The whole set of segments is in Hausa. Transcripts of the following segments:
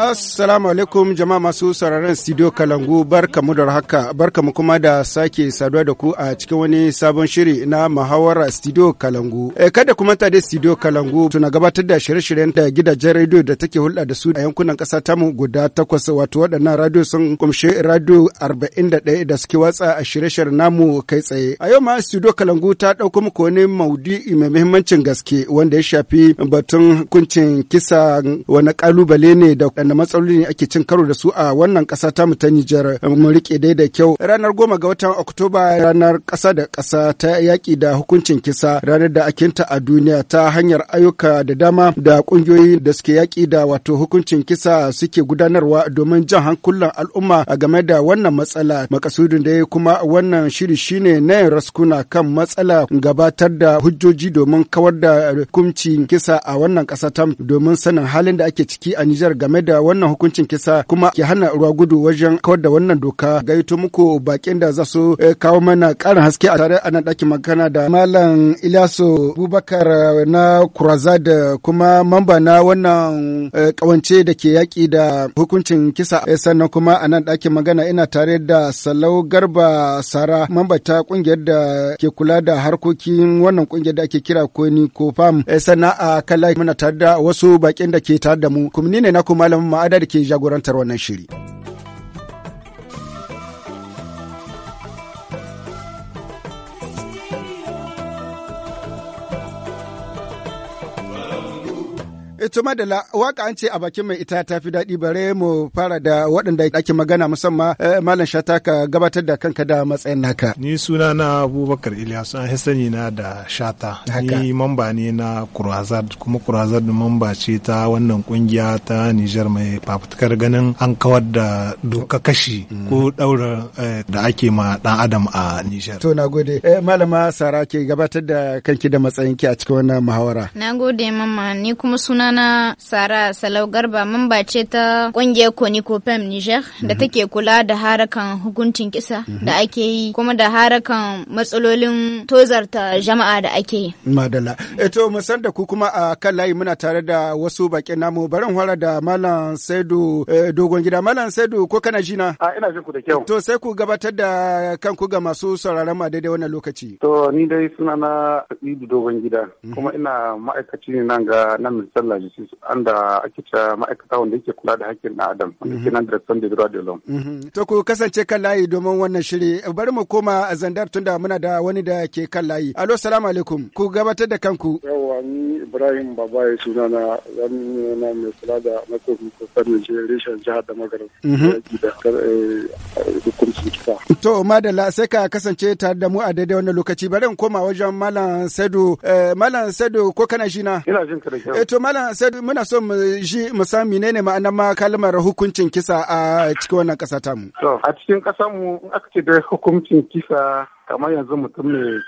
Assalamu alaikum jama'a masu sauraron studio Kalangu barkamu da haka barkamu kuma da sake saduwa da ku a cikin wani sabon shiri na muhawara studio Kalangu. E, kada kuma ta da studio Kalangu suna gabatar da shirye-shiryen da gidajen rediyo da take hulɗa da su a yankunan ƙasa tamu guda takwas wato waɗannan radio sun kumshe radio 41 da suke watsa a shirye-shiryen namu kai tsaye. A yau ma studio Kalangu ta ɗauko muku wani maudu'i mai muhimmancin gaske wanda ya shafi batun kuncin kisa wani ƙalubale ne da waɗanda matsaloli ne ake cin karo da su a wannan ƙasa ta ta Nijar mun rike dai da kyau. Ranar goma ga watan Oktoba ranar ƙasa da ƙasa ta yaƙi da hukuncin kisa ranar da akinta a duniya ta hanyar ayyuka da dama da ƙungiyoyi da suke yaƙi da wato hukuncin kisa suke gudanarwa domin jan hankulan al'umma a game da wannan matsala. Makasudin dai kuma wannan shiri shine na yin raskuna kan matsala gabatar da hujjoji domin kawar da hukuncin kisa a wannan ƙasa domin sanin halin da ake ciki a Nijar game da wannan hukuncin kisa kuma ke hana ruwa gudu wajen kawar da wannan doka gaito muku bakin da za su eh, kawo mana karin haske a tare a nan ɗakin magana da malam Ilyasu Bubakar eh, na Kuraza da kuma mamba na wannan kawance eh, da ke yaƙi da hukuncin kisa sannan kuma a nan ɗakin magana ina tare da Salau Garba Sara mamba ta ƙungiyar da ke kula da harkokin wannan ƙungiyar da ake kira Koni ko FAM sannan a kala muna tare da wasu bakin da ke tare da mu kuma ne na ku malam ma'ada da ke jagorantar wannan shiri. Ito eh, madala waka an ce a bakin mai ita ta fi daɗi bare mu fara da waɗanda ake magana musamman eh, Malam Shata ka gabatar da kanka da matsayin naka. Ni suna na Abubakar Ilyas an sani na da Shata. Ni mamba ne na Kurazad kuma Kurazad mamba ce ta wannan kungiya ta Nijar mai fafutukar ganin an kawar da doka kashi ko mm. ɗaura eh, da ake ma ɗan adam a Nijar. To na gode. Malama Sara ke gabatar da kanki da matsayinki a cikin wannan muhawara. Na gode mama ni kuma suna sunana Sara Salau Garba mamba ce ta kungiyar Koniko Fem Niger da mhm. take kula da harakan hukuncin kisa mhm. da ake yi kuma da harakan matsalolin tozarta jama'a da ake yi. Madala. Eto eh, musan da ku kuma a kan layi muna tare da wasu baƙi namu barin hwara da Malam Saidu eh, Dogon Gida. Malam Saidu ko kana jina? A ina jin ku da kyau. To sai ku gabatar da kanku ga masu sauraron ma daidai wannan lokaci. To ni dai sunana Saidu Dogon Gida mhm. kuma ina ma'aikaci ne nan ga nan misalla an anda ake ta ma'aikata wanda yake kula da hakkin na adam wanda mhm. ke nan da de droit de lom. to ku kasance kan layi domin wannan shiri bari mu koma zandar tunda muna da wani da ke kan layi alo salamu alaikum ku gabatar da kanku yawa ni ibrahim baba ya suna na zan na mai kula da makokin kasar nigeria reshen jihar da magarin mhm. da eh, hukuncin kisa to madalla sai ka kasance tare da mu a daidai wannan lokaci bari mu koma wajen malam sado eh, malam sado ko kana shi na ina jin ka da kyau eh, to malam muna so mu ji mu san menene ma'anar ma kalmar hukuncin kisa a cikin wannan kasa tamu. a cikin ƙasar mu in aka ce da hukuncin kisa kamar yanzu mutum ne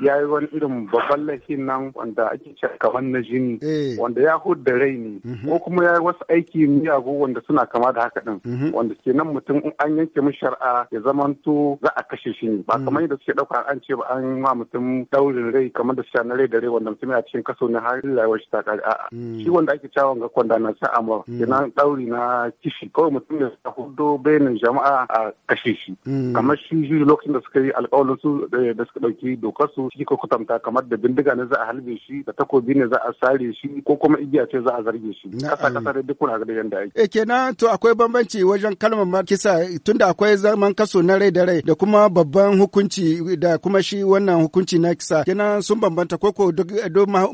ya yi wani irin babban laifin nan wanda ake ce kamar na jini eh. wanda ya da rai ne mhm. ko kuma ya yi wasu aiki miyagu wanda suna kama da haka din mhm. wanda nan mutum in an yanke mu shar'a ya zamanto za a kashe shi ba mhm. kamar yadda suke dauka an ce ba an ma mutum daurin rai kamar da na rai da rai wanda mutum ya cikin kaso ne har rayuwar shi ta kare a'a mm. shi wanda ake cewa ga kwanda na sa amma kenan mm. dauri na kishi kawai mutum ya sa hudo bayanin jama'a a kashe shi mm. kamar shi lokacin da suka yi alƙawarin su eh, da suka ɗauki dokar su shi ko kwatanta kamar da bindiga ne za a halbe shi da takobi ne za a sare shi ko kuma igiya ce za a zarge shi kasa kasa da duk ga yanda ake eh kenan to akwai bambanci wajen kalmar ma kisa tunda akwai zaman kaso na rai da rai da kuma babban hukunci da kuma shi wannan hukunci na kisa kenan sun bambanta ko ko duk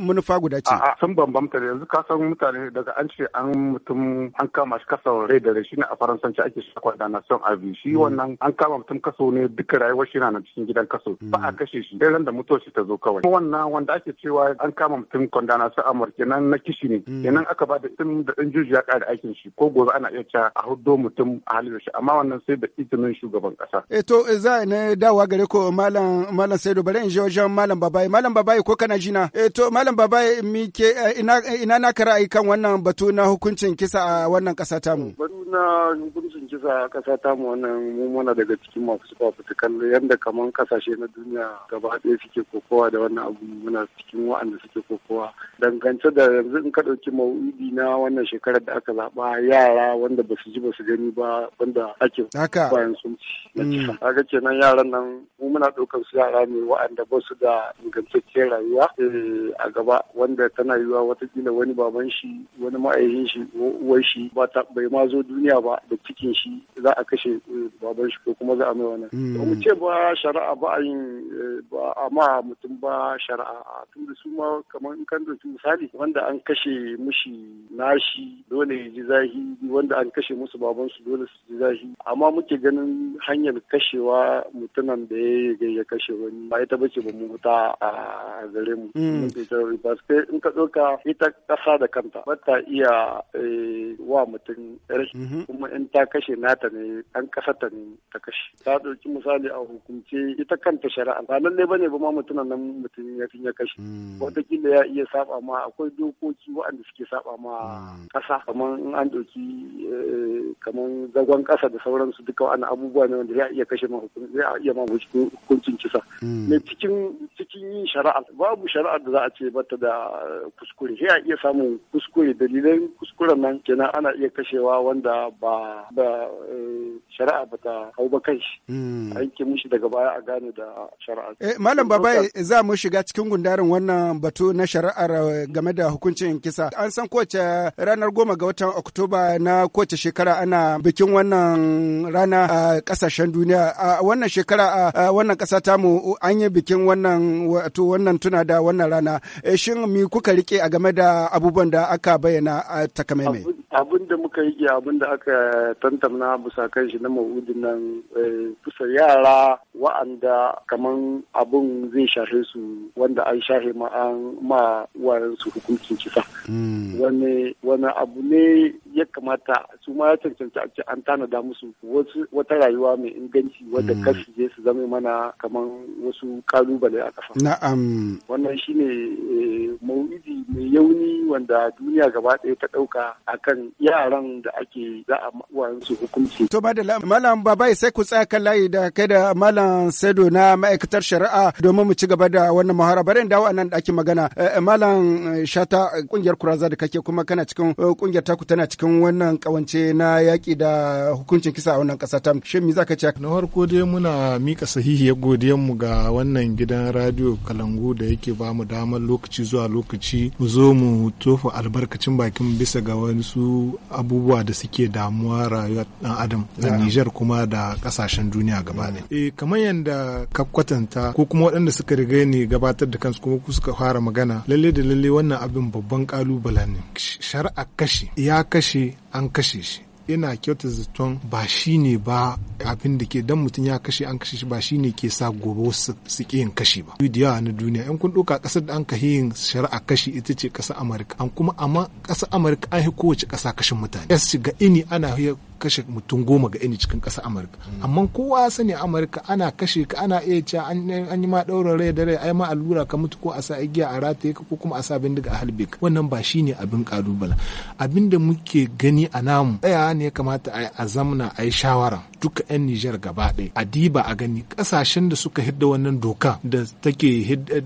manufa guda ce a'a sun bambanta yanzu kasan san mutane daga an ce an mutum an kama shi kasa rai da rai a faransanci ake shi kwada na son abi shi wannan an kama mutum kaso ne duka rayuwar shi na cikin gidan kaso ba a mm. kashe shi dai da fito shi ta zo kawai wannan wanda ake cewa an kama mutum kwandana su amur kenan na kishi ne hmm. kenan aka ba da tun da ɗan juji ya ƙara aikin shi ko gobe ana iya cewa a hudo mutum a halin shi amma wannan sai da izinin shugaban ƙasa. e to eh, za na dawa gare ko malam malam saido bari in je wajen malam babaye malam babaye ko kana jina e eh, to malam babaye mi ke ina ina na kara kan wannan batu na hukuncin kisa a wannan ƙasa tamu. batu na hukuncin kisa a ƙasa tamu wannan mu muna daga cikin masu suka kallo yadda kaman ƙasashe na duniya gaba ɗaya suke kokowa da wannan abu muna cikin wa'anda suke kokowa dangance da yanzu in ka ɗauki ma'udi na wannan shekarar da aka zaɓa yara wanda ba su ji ba su gani ba wanda ake bayan sun ci haka mm. kenan yaran nan mu muna ɗaukar su yara ne wa'anda ba su da ingantacciyar rayuwa eh, a gaba wanda tana yiwuwa watakila wani baban shi wani ma'aikin shi uwar shi bai ma zo duniya ba da cikin shi za a kashe eh, baban shi ko kuma za a mai wannan. Mm. Ba mu ce ba shari'a ba a yin eh, ba a ma mutum ba shari'a tunda su ma kamar in kan dauki misali wanda an kashe mushi nashi dole ya ji zahi wanda an kashe musu babansu dole su ji zahi amma muke ganin hanyar kashewa mutumin da ya yi ya kashe wani ba ita bace ba mu huta a gare mu hmm. in ka ɗauka ita ƙasa da kanta ba ta iya eh, wa mutum rashi mm-hmm. kuma in ta kashe nata ne an ƙasa ta ne ta kashe ta ɗauki misali a hukunce ita kanta shari'a ba lallai bane ba ma mutumin nan mutum ya tun kashi. kashe hmm. wataƙila ya iya saba ma akwai dokoki waɗanda suke saba ma hmm. ƙasa kamar in an ɗauki eh, kamar zagon ƙasa da sauransu duka wani abubuwa ne wanda ya iya kashe ma ya iya ma hukuncin kisa ne hmm. cikin cikin yin shari'a babu shari'a da za a ce bata da eh, kuskure sai a iya samun kuskure dalilan kuskuren nan kenan ana iya kashewa wanda ba da eh, shari'a bata hau ba kai shi a yanke mishi daga baya a gane da shari'a malam babai za mu shiga cikin gundarin wannan batu na shari'ar eh, game da hukuncin kisa. An san kowace ranar goma ga watan Oktoba na kowace shekara ana bikin wannan rana a kasashen duniya. A wannan shekara a wannan kasa tamu an yi bikin wannan wato wannan tuna da wannan rana. Eh, shin mi kuka rike a game da abubuwan da aka bayyana a takamaimai? abin da muka yi abin da aka tantamna bisa kan shi na ma'udin nan eh, bisa yara wa'anda kaman abin zai shafe su wanda an shafe ma an ma hukuncin kisa hmm. wani abu ne ya kamata su ma ya cancanci a ce an tanada musu wata rayuwa mai inganci wadda hmm. kashi je su zama mana kaman wasu kalubale a kafa na'am wannan shine eh, ma'udi mai yauni wanda duniya gaba ɗaya ta ɗauka akan yaran da ake za a wayan su hukunci. To da malam babai sai ku tsaya kan layi da kai da malam Sado na ma'aikatar shari'a domin mu ci gaba da wannan muhara bari in dawo anan da ake magana eh, eh, malam eh, Shata kungiyar Kuraza da kake kuma kana cikin kungiyar taku tana cikin wannan kawance na yaki da hukuncin kisa a wannan kasa ta shin me zaka ce? Na farko dai muna mika sahihiyar godiyar mu ga wannan gidan radio Kalangu da yake ba mu damar lokaci zuwa lokaci mu zo mu tofa albarkacin bakin bisa ga wani su abubuwa da suke damuwa rayuwar dan adam a Nijar kuma da kasashen duniya gaba ne. Eh kamar yadda ka kwatanta ko kuma waɗanda suka riga ni gabatar da kansu kuma ku suka fara magana lalle da lalle wannan abin babban kalubala ne. Shari'a kashe ya kashe an kashe shi ina kyauta zaton ba shi ne ba abin da ke dan mutum ya kashe an kashe shi ba shi ne ke sa gobe wasu su ƙi yin kashi ba. Da yawa na duniya in kun ɗauka ƙasar da an kahe yin shari'a kashi ita ce ƙasar Amurka. An kuma amma ƙasar Amurka an yi kowace ƙasa kashin mutane. Ya shiga ini ana kashe mutum goma ga ini cikin ƙasar amurka amma kowa sani amurka ana kashe ka ana iya cewa an yi ma ɗaurin rai da rai ai ma allura ka mutu ko a sa igiya a rataye ka ko kuma a sa bindiga a halbe ka wannan ba shi ne abin ƙalubala abin da muke gani a namu tsaya ne ya kamata a zamna a yi shawara duka 'yan nijar gaba ɗaya a diba a gani kasashen da suka hidda wannan doka da take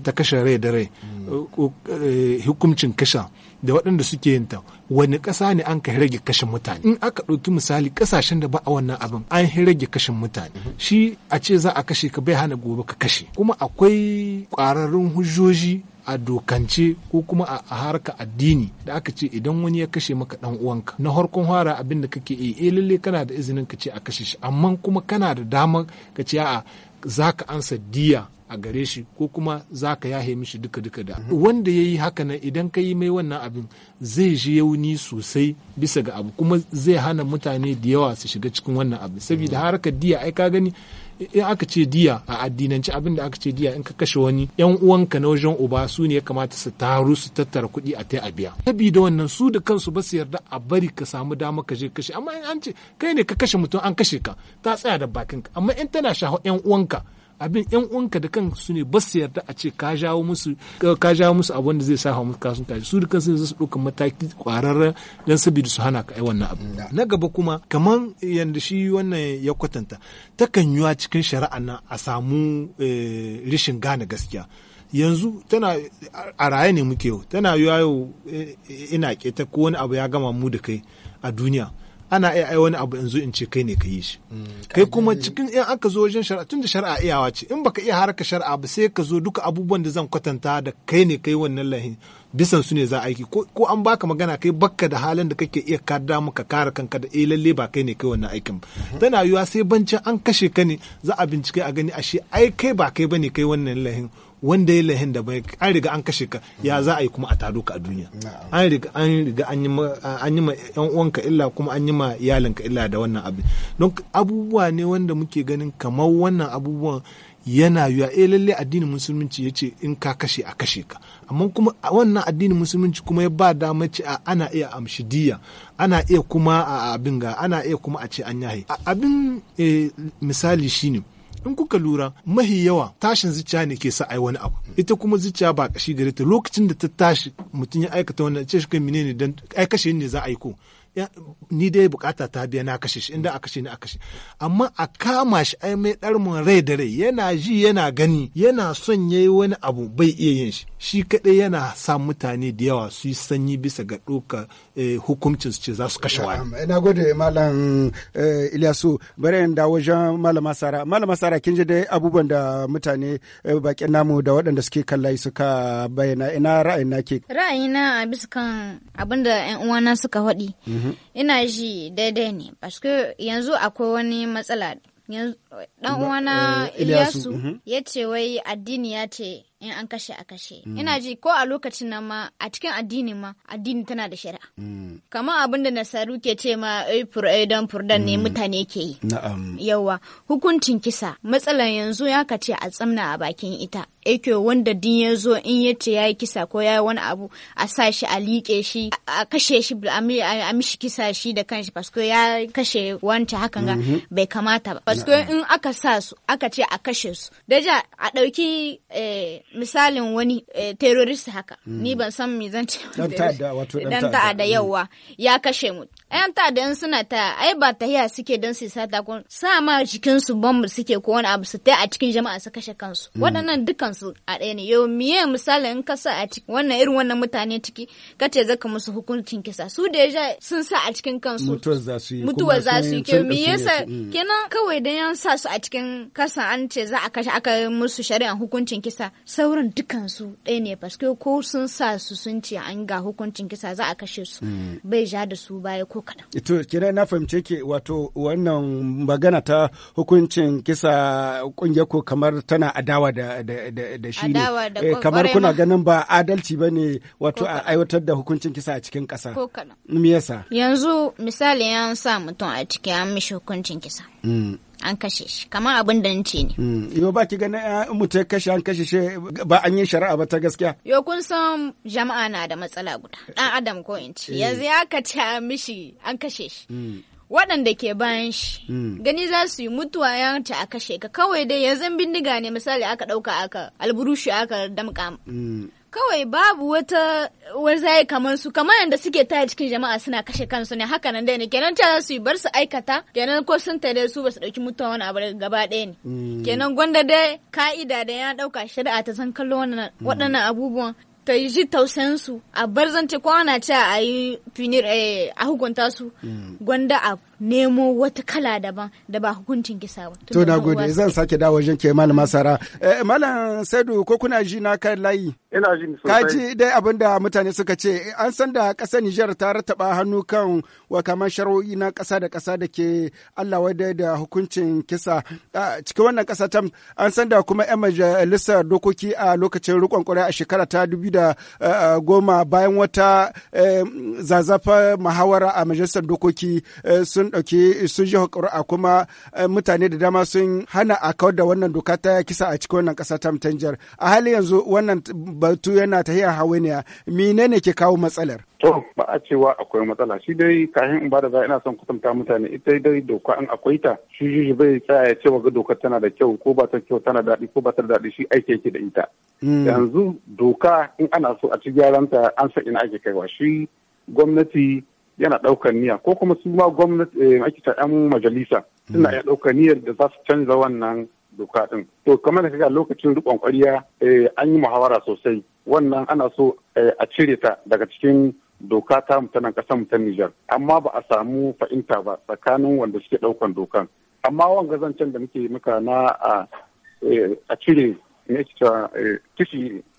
ta kashe rai da rai mm. eh, eh, hukuncin kasha da waɗanda suke yin ta wani ƙasa ne an ka rage kashin mutane in aka ɗauki misali ƙasashen da ba a wannan abin an rage kashin mutane shi a ce za a kashe ka bai hana gobe ka kashe kuma akwai ƙwararrun hujjoji a dokance ko kuma a harka addini da aka ce idan wani ya kashe maka dan uwanka na harkon fara abin da kake yi eh lalle kana da izinin ka ce a kashe shi amma kuma kana da damar ka ce a'a zaka ansa diya a gare shi ko kuma za ka yahe mishi duka-duka da wanda ya yi haka na idan ka yi mai wannan abin zai ji yauni sosai bisa ga abu kuma zai hana mutane da yawa su shiga cikin wannan abu saboda harkar diya ai ka gani in aka ce diya a addinance abin da aka ce diya in ka kashe wani yan uwanka na wajen uba su ne ya kamata su taru su tattara kuɗi a tai a biya saboda wannan su da kansu ba su yarda a bari ka samu dama ka je kashe amma in an ce kai ne ka kashe mutum an kashe ka ta tsaya da bakinka amma in tana shaho yan uwanka abin yan uwanka da kan su ne ba su yarda a ce ka jawo musu ka musu abin da zai sa musu kasu tashi su kansu su su dauka mataki kwararre dan sabida su hana ka ai wannan abu na gaba kuma kamar yanda shi wannan ya kwatanta takan yiwa cikin shari'a nan a samu eh, rishin gane gaskiya yanzu tana a raye ne muke yau tana yiwa yau eh, ina keta ko wani abu ya gama mu da kai a duniya ana iya ai wani abu yanzu in ce kai ne ka yi shi mm, kai kuma cikin in aka zo wajen shari'a tunda shari'a iyawa ce in baka iya harka shari'a ba sai ka zo duka abubuwan da zan kwatanta da kai ne kai wannan lahin bisan su ne za aiki ko an baka magana kai bakka da halin da kake iya kada muka kare kanka da eh lalle ba kai ne kai wannan aikin ba mm-hmm. tana yiwa sai bancin an kashe ka ne za a bincike a gani ashe ai kai ba kai bane kai wannan lahin wanda ya lahin da bai an riga an kashe ka ya za a yi kuma a taro ka a duniya an riga an riga an yi ma yan uwanka illa kuma an yi ma ka illa da wannan abin don abubuwa ne wanda muke ganin kamar wannan abubuwan yana yiwa eh lalle addinin musulunci yace in ka kashe a kashe ka amma kuma wannan addinin musulunci kuma ya ba dama ce ana iya amshidiya ana iya kuma a abin ga ana iya kuma a ce an yahi abin eh, misali shine in kuka lura mahi yawa tashin zuciya ne ke sa ai wani abu ita kuma zuciya ba kashi gare ta lokacin da ta tashi mutum ya aikata wannan ce shi kai menene dan ai kashe ne za a yi ko ni dai bukata ta biya na kashe shi inda a kashe ni a kashe amma a kama shi ai mai darmin rai da rai yana ji yana gani yana son yayi wani abu bai iya yin shi shi kaɗai yana sa mutane da yawa su yi sanyi bisa ga ɗoka eh, hukuncin su ce za su kashe wani. Eh, na gode malam eh, Ilyasu bari yin dawo wajen malama Sara. Malama Sara kin ji dai abubuwan da mutane baƙin namu da waɗanda suke kallai suka bayyana ina ra'ayin na ke. na a bisa kan abin da 'yan uwana suka faɗi. Mhm. Ina ji daidai ne. Paske yanzu akwai wani matsala. Dan uwana Ilyasu mhm. ya ce wai addini ya ce in an kashe a kashe mm. ina ji ko a lokacin nan ma a cikin addini ma addini tana da shari'a mm. kamar abin da nasaru ke ce ma ai dan fur ne mm. mutane ke yi yawa hukuncin kisa matsalan yanzu ya kace a tsamna a bakin ita ake wanda din ya zo in ya ce ya yi kisa ko ya yi wani abu a sa shi a liƙe shi a kashe shi a mishi kisa shi da kanshi fasko ya kashe wancan hakan ga mhm. bai kamata ba fasko in aka sa su aka ce a kashe su daja a ɗauki eh, misalin wani eh, terrorist haka mm. ni ban san me zan ce dan ta'ada yawa ya kashe mu yan ta'ada yan suna ta ai ba tahiya suke don su sata ko sa ma jikinsu su bambu suke ko wani abu su ta a cikin jama'a su kashe kansu mm. waɗannan dukkan kansu a ɗaya ne yau miye misali in ka sa a ciki wannan irin wannan mutane ciki ka ce zaka musu hukuncin kisa su da ya sun sa a cikin kansu mutuwar za su yi mutuwar za su yi ke me yasa kenan kawai dan yan sa su a cikin kasan an ce za a kashe aka musu shari'a hukuncin kisa sauran dukan su ɗaya ne paske ko sun sa su sun ce an ga hukuncin kisa za a kashe su mm. bai ja da su baya ko kaɗan. ito kenan na fahimce ke wato wannan magana ta hukuncin kisa kungiyar ko kamar tana adawa da da shi ne eh, kamar kuna ganin ba adalci ba ne wato a aiwatar da hukuncin kisa a cikin ƙasa me yasa yanzu misali ya sa mutum a ciki an mishi hukuncin kisa mm. an kashe shi kamar abin da ce ne. Mm. Yo ba ki gani eh, in mutum ya kashe an kashe shi ba an yi shari'a ba ta gaskiya. Yo kun san jama'a na da matsala guda ɗan adam ko in ce eh. yanzu ya kace ci mishi an kashe shi. Mm. waɗanda ke bayan shi hmm. gani za su yi mutuwa ya ta a kashe ka kawai dai yanzu bindiga ne misali aka ɗauka aka alburushi aka damƙa hmm. kawai babu wata wazaye kamar su kamar yadda suke taya cikin jama'a suna kashe kansu ne haka nan dai ne kenan ta su bar su aikata kenan ko sun tare su ba su dauki mutuwa wani abu gaba ɗaya ne hmm. kenan gwanda dai ka'ida da ya dauka shari'a ta san kallo waɗannan abubuwan ka yi ji a barzance kwana ce a yi finir eh, a hukunta su mm. gwanda a nemo wata kala daban da ba hukuncin kisa ba. To na gode zan sake dawo wajen ke malam masara. Eh, malam Saidu ko kuna ji na kan layi? Ina ji sosai. Ka ji dai abin da mutane suka ce an san da ƙasar Nijar ta rataba hannu kan wakaman shari'o'i na ƙasa da ƙasa da ke Allah wadai da hukuncin kisa. Cikin wannan ƙasa ta an san da kuma 'yan majalisar dokoki a lokacin rikon ƙuri'a a shekara ta dubu da eh, goma bayan wata eh, zazafa muhawara a majalisar dokoki eh, sun ɗauki sun ji a kuma eh, mutane da dama sun hana a kawar da wannan doka ta kisa a cikin wannan ƙasa ta mutanjar a hali yanzu wannan batu yana ta tahiya hawainiya menene ke kawo matsalar to ba a cewa akwai matsala shi dai kafin in bada za ina son kusanta mutane ita dai doka in akwai ta shi shi bai tsaya ya ce wa dokar tana da kyau ko ba ta kyau tana daɗi ko ba ta daɗi shi aiki yake da ita hmm. yanzu doka in ana so a ci gyaran ta an sa ina ake kaiwa shi gwamnati yana ɗaukar niyya ko kuma su ma gwamnati eh, ake ta yan majalisa suna iya ɗaukar niyyar da za su canza wannan doka ɗin. To kamar da kaga lokacin riƙon ƙwariya eh, an yi muhawara sosai wannan ana so eh, a cire ta daga cikin doka ta mutanen ƙasar mu ta Nijar amma ba a samu fahimta ba tsakanin wanda suke ɗaukan dokan. Amma wanga zancen da muke muka na a cire ne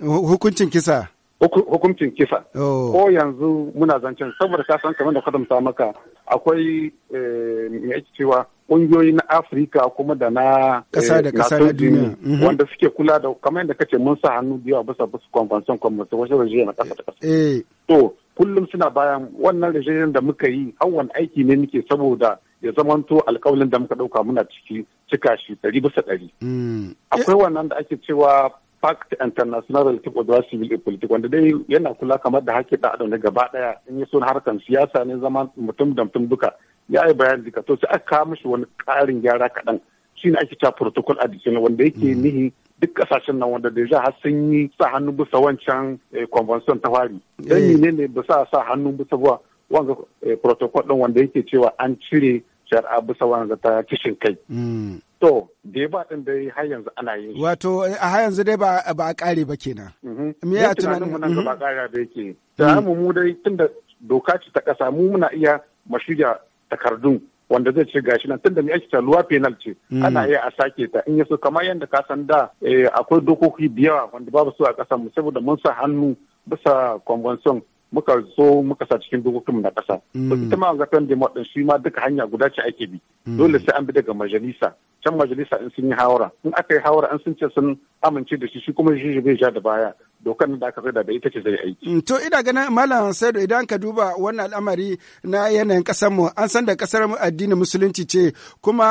hukuncin kisa. hukuncin kisa. Oh. Ko yanzu muna zancen saboda ka san kamar da kadamta maka akwai eh, mai ake cewa ƙungiyoyi na Afirka kuma da na ƙasa da eh, ƙasa na duniya mhm. wanda suke kula da kamar yadda kace mun sa hannu biyu a bisa bisa convention convention wasu rajiyar na ƙasa da ƙasa. Eh. To kullum suna bayan wannan rajiyar da muka yi hawan aiki ne muke saboda ya zamanto alƙawalin da muka ɗauka muna ciki cika shi ɗari bisa ɗari. Mm. Akwai wannan da ake cewa pact international relative of civil civil political wanda dai yana kula kamar da da adam na gaba daya in yi son harkan siyasa ne zama mutum da mutum duka ya yi bayan duka to sai aka kawo mishi wani karin gyara kaɗan shi ne ake cewa protocol jikin wanda yake hmm. nihi duk kasashen nan wanda da har sun yi sa hannu bisa wancan eh, convention ta fari dan eh. ne ne ba sa sa hannu bisa ba wanga eh, protocol din wanda yake cewa an cire shari'a bisa wanga ta kishin kai hmm. To, dai ba ɗin dai har yanzu ana yin Wato, har yanzu dai ba a ƙare ba kenan. Mhm. Me ya tunanin mu nan ba mhm. ƙara da yake. Da mhm. mu mu dai tunda doka ce ta ƙasa mu muna iya mashirya takardun wanda zai ce gashi nan tunda mai ake ta luwa penal ce ana iya a sake ta in yaso kamar yadda ka san da eh, akwai dokoki da yawa wanda babu su a ƙasa mu saboda mun sa hannu bisa convention muka so muka sa cikin dokokin na kasa. ita ma ga fen demo din shi ma duka hanya guda ce ake bi. Dole sai an bi daga majalisa. can majalisa in sun yi hawara in aka yi hawara an sun ce sun amince da shi shi kuma shi bai ja da baya dokar da aka da ita ce zai aiki. Mm, to ina ganin Malam Saidu idan ka duba wannan al'amari na yanayin kasar mu an san da kasar mu addinin musulunci ce kuma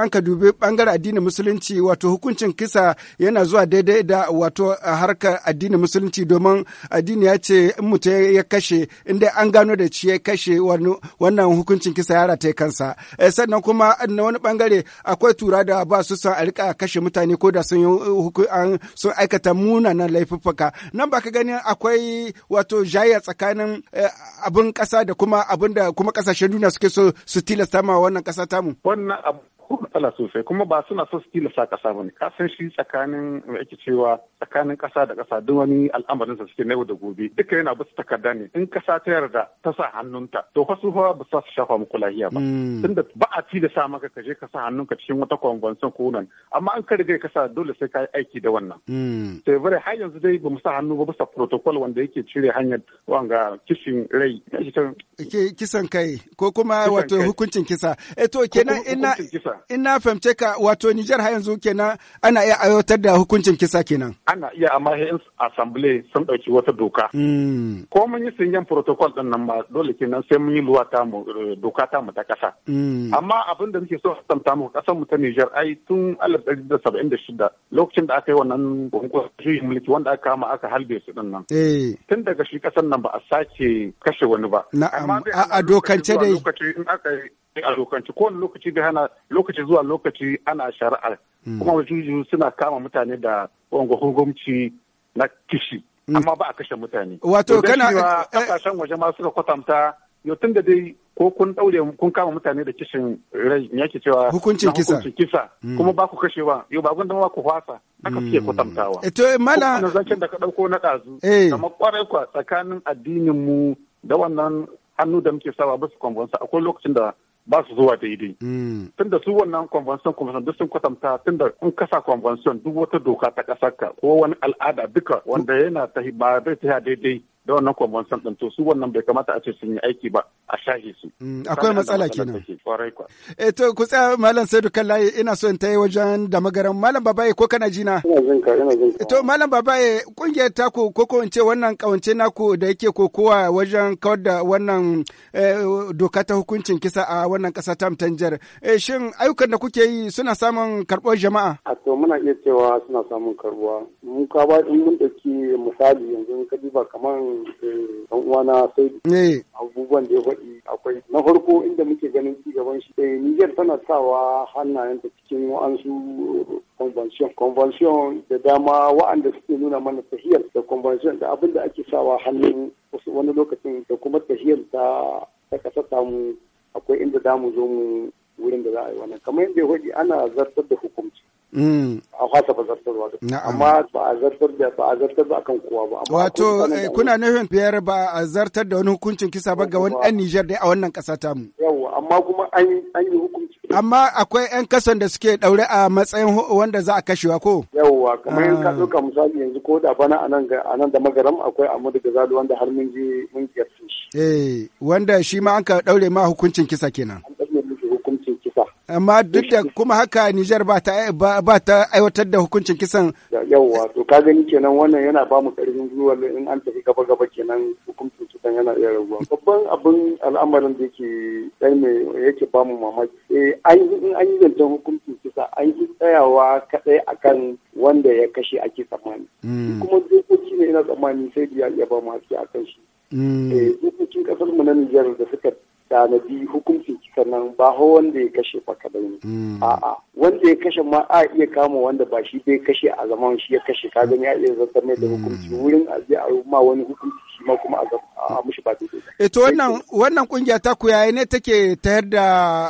an ka dubi bangaren addinin musulunci wato hukuncin kisa yana zuwa daidai da wato harkar addinin musulunci domin addini ya ce in mutum ya kashe inda an gano da ci ya kashe wannan hukuncin kisa ya rataye kansa. Eh, sannan kuma na wani bangare akwai tura da ba su san a rika kashe mutane ko da sun aikata munanan laifin laifuffuka nan ba ka gani akwai wato jaya tsakanin eh, abin kasa da kuma abin da kuma kasashen duniya suke so su tilasta ma wannan kasa tamu wannan abu akwai matsala sosai kuma ba suna so su tilasta kasa ba ne kasan shi tsakanin ake cewa tsakanin kasa da kasa duk wani al'amarin sa suke na yau da gobe duka yana bisa takarda ne in kasa ta yarda ta sa hannunta to fa su fa ba su shafa muku lahiya ba mm. tunda ba a sa maka ka je ka sa ka cikin wata konvention ko nan amma an ka riga ka dole sai ka yi aiki da wannan sai mm. bare har yanzu dai ba mu sa hannu ba bisa protocol wanda yake cire hanyar wanga kishin rai kisan kai ko kuma wato hukuncin kisa eh to kenan ina In na fahimce ka wato Nijar har yanzu kenan ana iya ayotar da hukuncin kisa kenan. Ana iya amma yan assembly sun ɗauki wata doka. Hmm. Ko mun yi sinyan protocol ɗin nan ma dole kenan sai mun yi luwa ta mu eh, doka ta mu ta ƙasa. Hmm. Amma abin da muke so a ta mu ƙasan mu ta Nijar ai tun alif ɗari da saba'in da shida lokacin da aka yi wannan gwamnati mulki wanda aka kama aka halbe su ɗin nan. Eh. Tun daga shi ƙasan nan ba a sake kashe wani ba. Na'am a dokance dai. Lokaci a dokanci ko lokaci ga hana lokaci zuwa lokaci ana shari'ar hmm. kuma wajuju suna kama mutane da wanga hukunci na kishi hmm. amma ba a kashe mutane wato kana eh, eh. kasashen waje ma suka kwatanta yau tun da dai ko kun daure kun kama mutane da kishin rai ne yake cewa hukuncin kisa kisa hmm. kuma ba ku kashe ba yau ba gundama ku fasa haka fiye kwatantawa eh, to mala zancen da ka dauko na dazu amma kwarai kwa tsakanin addinin mu da wannan hannu da muke sawa ba su kwamfansa akwai lokacin da ba su zuwa daidai. Hmm. da su wannan convention convention duk sun kwatanta da in kasa convention duk wata doka ta kasar ka ko wani al'ada duka wanda yana ta ba zai ta daidai da wannan convention din to su wannan bai kamata a ce sun yi aiki ba a shahi su mm, akwai matsala kenan E to ku tsaya malam Saidu Kallaye ina so in yi wajen da magaran malam Babaye ko kana jina ina jin ka ina jin ka to malam Babaye kungiyar taku ko ko in ce wannan kawance naku da yake kokowa wajen kawar da wannan eh, doka ta hukuncin kisa a wannan kasa ta Tanjar E eh, shin ayyukan da kuke yi suna samun karɓuwar jama'a a to muna iya cewa suna samun karɓar. mun ka ba in mun ɗauki misali yanzu ka diba kamar. Eh, dan uwana sai eh. abubuwan da ya faɗi akwai na farko inda muke ganin ci gaban shi eh Niger tana sawa hannayenta cikin wa'ansu convention convention da dama wa'anda suke nuna mana tahiyar da convention da abin da ake sawa hannun wasu wani lokacin da kuma tahiyar ta ta kasar tamu akwai inda mu zo mu wurin da za a yi wannan kamar yadda ya faɗi ana zartar da hukunci Mm. a kwasa ba zartarwa amma ba a zartar da ba a zartar ba akan kowa ba wato eh, kuna nufin fiyar ba a zartar da wani hukuncin kisa ba ga wani ɗan Nijar dai a wannan kasa ta mu yawa amma kuma an yi hukunci amma akwai ƴan kasan da suke ɗaure a matsayin wanda za a kashewa ko yawa kamar yan ka dauka ah. misali yanzu ko da bana anan ga anan da magaram akwai Ahmadu Gazalu wanda har mun je mun ziyarce shi eh wanda shi ma an ka ɗaure ma hukuncin kisa kenan amma duk da kuma haka Nijar ba ta aiwatar da hukuncin kisan yawwa to ka gani kenan wannan yana ba mu karfin gwiwa in an tafi gaba gaba kenan hukuncin kisan yana iya raguwa babban abin al'amarin da yake dai mai yake ba mu mamaki eh an in an yi zancen hukuncin kisa an yi tsayawa kadai akan wanda ya kashe ake tsammani hmm. kuma dokoki ne ina tsammani sai biya ya ba mu haske akan shi hmm. eh dokokin kasar mu na Nijar da suka tanadi hukuncin kisan nan ba ho wanda ya kashe ba kadai ne hmm. a'a wanda ya kashe ma a iya kama wanda ba shi bai kashe a zaman shi ya kashe ka gani ya iya zartar mai da hmm. hukunci wurin a je a ma wani hukunci shi ma kuma a mushi ba daidai eh to wannan wannan kungiya ta ku yayi ne take tayar da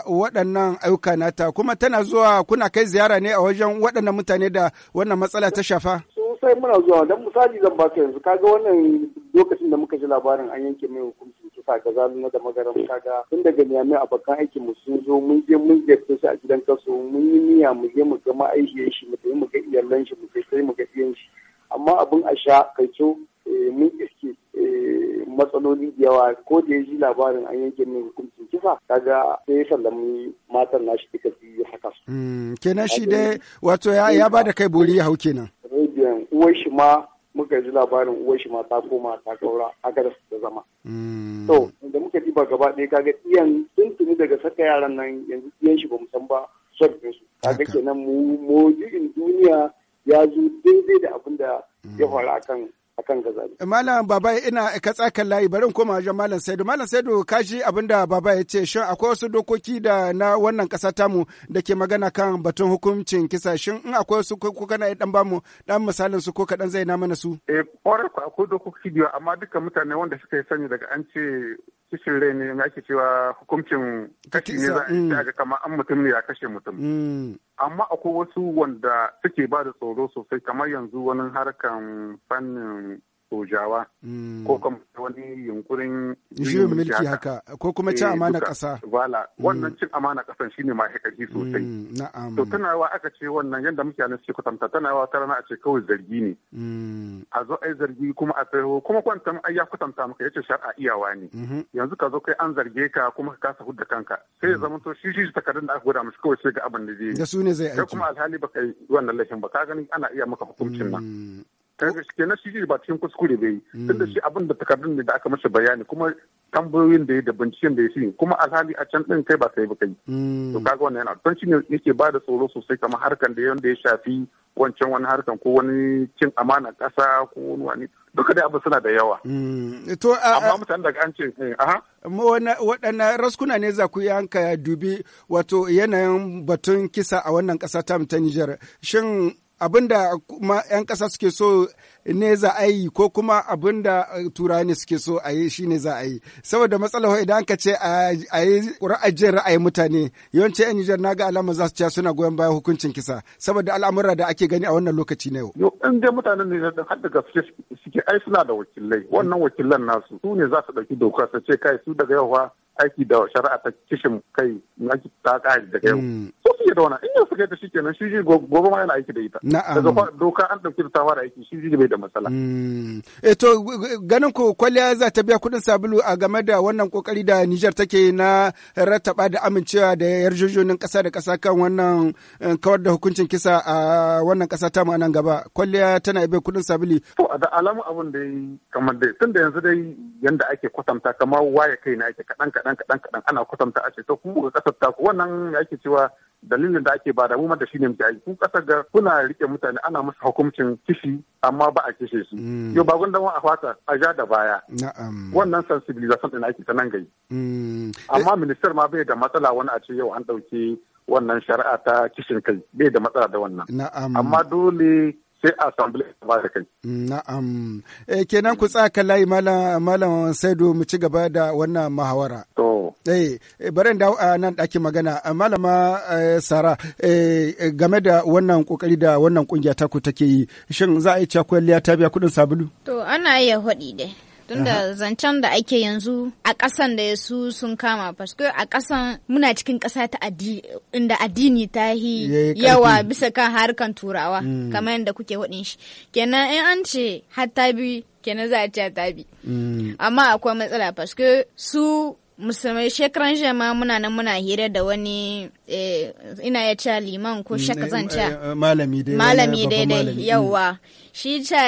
waɗannan ayyuka nata kuma tana zuwa kuna kai ziyara ne a wajen waɗannan mutane da wannan matsala ta shafa sosai muna zuwa dan misali zan ka yanzu kaga wannan lokacin da muka ji labarin an yanke mai hukunci ta ga zaluna da magaram ga. tun daga niyami abokan aikin mu sun zo mun je mun je su a gidan kaso mun yi niyya mu je mu ga ma'aikiyar shi mu je mu ga iyalan shi mu je sai mu ga iyan shi amma abin a sha kai eh, mun iske eh, matsaloli da yawa ko da ya ji labarin an yanke min hukuncin kisa kaga sai ya sallami matan nashi duka biyu haka su. Hmm, kenan shi dai wato ya ba kai bori ya hau kenan. rediyon uwar shi ma muka ji labarin uwar shi ma ta koma ta kaura aka da ta zama. Mm. To da muka diba gaba ɗaya kaga iyan sun tuni daga saka yaran nan yanzu iyan shi ba mu san ba son su. Kaga kenan mu in duniya ya zo daidai da abin da ya mm. faru akan akan Malam Baba ina ka tsakan layi barin koma wajen Malam Saidu. Malam Saidu ka ji abin da Baba ya ce shin akwai wasu dokoki da na wannan ƙasa tamu da ke magana kan batun hukuncin kisa shin in akwai wasu ko kana dan bamu dan misalin su ko kaɗan zai na mana su. Eh kwarai akwai dokoki biyu amma duka mutane wanda suka yi sani daga an ce kishin rai ne ake cewa hukuncin kashi ne za mm. a ga kamar an mutum ne ya kashe mutum. Mm. Amma akwai wasu wanda suke ba da tsoro sosai kamar yanzu wani harkan fannin sojawa mm. ko kuma wani yunkurin juyin mulki haka ko kuma ci eh, amana kasa. wala mm. wannan cin amana kasan shine ma ƙarfi sosai mm, na'am to wa aka ce wannan yanda muke nan suke kwatanta wa tara na a ce kawai zargi ne a zo ai zargi kuma a tsayo kuma kwantan ai ya kwatanta maka yace shar'a iyawa ne mm-hmm. yanzu ka zo kai an zarge ka kuma ka kasa hudda kanka sai ya zama to shi shi takardun da aka gwada musu kawai sai ga abin da zai yi da su ne zai aiki kuma alhali baka yi wannan laifin ba ka gani ana iya maka hukuncin nan kenan shi ba cikin kuskure bai mm. tunda shi abin da takardun ne da aka masa bayani kuma tambayoyin da ya da binciken da ya shi kuma alhali a can din kai ba kai ba kai mm. to kaga wannan yana don shi ne yake ba da tsoro sosai kamar harkan da yanda ya shafi wancan wani harkan ko wani cin amana kasa ko wani wani duka dai abu suna da yawa mm. to amma mutane daga an ce eh, aha raskuna ne za ku yi hanka dubi wato yanayin batun kisa a wannan ƙasa ta ta Nijar shin abinda 'yan ƙasa suke so ne za a yi ko kuma abin da uh, turani suke so a yi ne za a yi saboda matsala idan ka ce a yi ra'ajin ra'ayi mutane yawanci yan Nijar na ga alama za su ce suna goyon bayan hukuncin kisa saboda al'amura da ake gani a wannan lokaci na yau. in dai mutanen ne din hadda gaske suke ai suna da wakilai wannan wakilan nasu su ne za su ɗauki doka su ce kai su daga yau aiki da shari'a ta kishin kai ki ta kai daga kai ko mm. su da wannan in yau suka yi ta shi kenan shi gobe ma yana aiki da ita. Na'am. Daga doka an ɗauki ta fara aiki shi bai da matsala. Mm. Eto eh, ganin ku kwalliya za ta biya kuɗin sabulu a game da wannan kokari da Nijar take na rattaba da amincewa da yarjejonin ƙasa da ƙasa kan wannan eh, kawar da hukuncin kisa a wannan ƙasa ta mu nan gaba. Kwalliya tana biya kuɗin sabulu. To da alamu abin da kamar dai tun da yanzu dai yanda ake kwatanta kamar waya kai na ake kaɗan kaɗan kaɗan kaɗan ana kwatanta a ce to kuma ƙasar ta wannan ake cewa dalilin da ake ba da da shine mu aiki ku kasar ga kuna rike mutane ana musu hukuncin kishi amma ba a kishe su mm. yau ba gundan a fata a ja da baya wannan sensibilization din ake ta nan gai mm. amma minister ma bai da matsala wani a ce yau an dauke wannan shari'a ta kishin kai bai da matsala da wannan amma dole sai assembly ta ba kai. Na'am. E, kenan ku tsaka layi malam Saidu mu ci gaba da wannan muhawara. To. Eh, eh bari dawo a nan ɗakin magana eh, malama Sara game da wannan kokari da wannan kungiya ta ku take yi shin za a yi cewa ta biya kuɗin sabulu? To ana iya hodi dai. Tunda zancen da ake yanzu a ƙasan da su sun kama fasko a ƙasan muna cikin ƙasa ta addini inda addini ta yi yawa bisa kan harkan turawa mm. kamar yadda kuke hudin shi. Kenan in an ce hatta bi kenan za a ce hatta bi. Mm. Amma akwai matsala fasko su musulmai shekaran jiya ma muna nan muna hira da wani eh, ina ya ca liman ko mm, shaka zanca eh, eh, malami daidai malami daidai yawa shi ca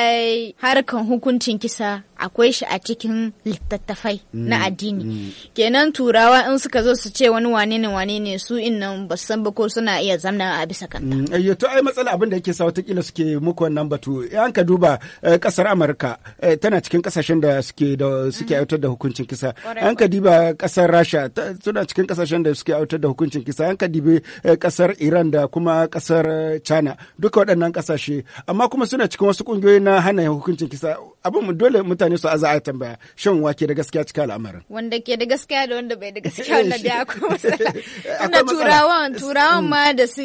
harkan hukuncin kisa akwai shi a cikin littattafai mm, na addini mm. kenan turawa in suka zo su ce wani wane ne wane ne su innan ba san ba ko suna iya zamna a bisa kanta mm, ayyo to ai matsala abin da yake sa watakila suke muku wannan batu an ka duba eh, kasar amurka eh, tana cikin kasashen da suke da suke mm-hmm. aiwatar da hukuncin kisa an ka diba kasar rasha suna cikin kasashen da suke aiwatar da hukuncin kisa an ka dibe eh, kasar iran da kuma kasar china duka waɗannan kasashe amma kuma suna cikin wasu kungiyoyi na hana hukuncin kisa abin dole mutane su aza a tambaya shan wake da gaskiya cikin al'amarin wanda ke da gaskiya da wanda bai da gaskiya wanda da kuma tunda turawan mm. turawan ma da su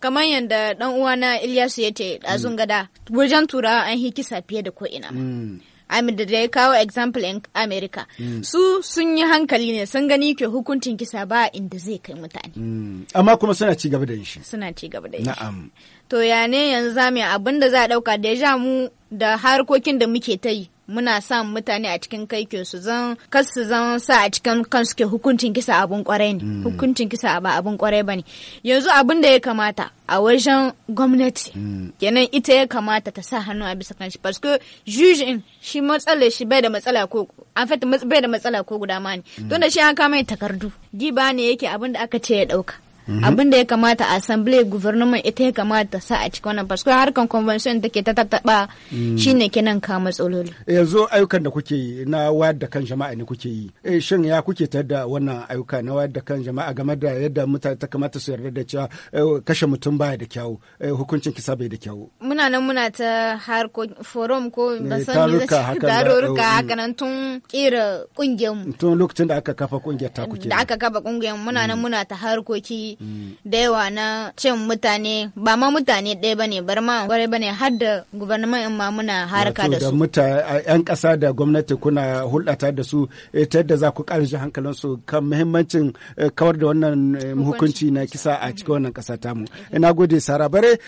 kamar yadda dan uwana Ilyasu ya ce dazun mm. gada wajen turawa an hi kisa fiye da ko ina mm. I da ya kawo example in America. Mm. Su sun yi hankali ne sun gani ke hukuncin kisa ba inda zai kai mutane. Mm. Amma kuma suna ci gaba da yin shi. Suna ci gaba da yin Na'am. To ya ne yanzu zamu abin da za a dauka da ya mu da harkokin da muke ta yi muna sa mutane a cikin kaikin su zan kar su zan sa a cikin kansu ke hukuncin kisa abun kwarai ne mm. hukuncin kisa ba abun kwarai bane yanzu abin da ya kamata a wajen gwamnati mm. kenan ita ya kamata ta sa hannu a bisa kan shi parce que juge in shi matsala shi bai da matsala ko an fata bai da matsala ko guda ma ne mm. tunda shi an kama takardu giba ne yake abin da aka ce ya dauka Mhm. abin da ya kamata a assembly government ita ya kamata sa a cikin wannan fasko harkan convention da ke ta tattaba mm. shine kenan ka matsaloli eh, yanzu ayyukan da kuke yi na wayar da kan jama'a ne kuke yi eh, shin ya kuke tar da wannan ayyuka na wayar da kan jama'a game da yadda mutane ta kamata su yarda da cewa eh, kashe mutum baya da kyau hukuncin kisa bai da kyau muna nan muna ta harkokin forum ko ba san tarurruka haka nan tun kira kungiyar mu tun lokacin da aka kafa kungiyar ta kuke da aka kafa kungiyar muna nan mm. muna ta harkoki da yawa na cin mutane ba ma mutane ɗaya ba ne bar ma kwarai ba ne har da gubernaman in ma muna harka da su. da yan ƙasa da gwamnati kuna hulɗata da su eh, ta yadda za ku ƙara ji hankalin su kan muhimmancin eh, kawar da wannan eh, hukunci na kisa a cikin wannan ƙasa ta mu Ina gode Sara bare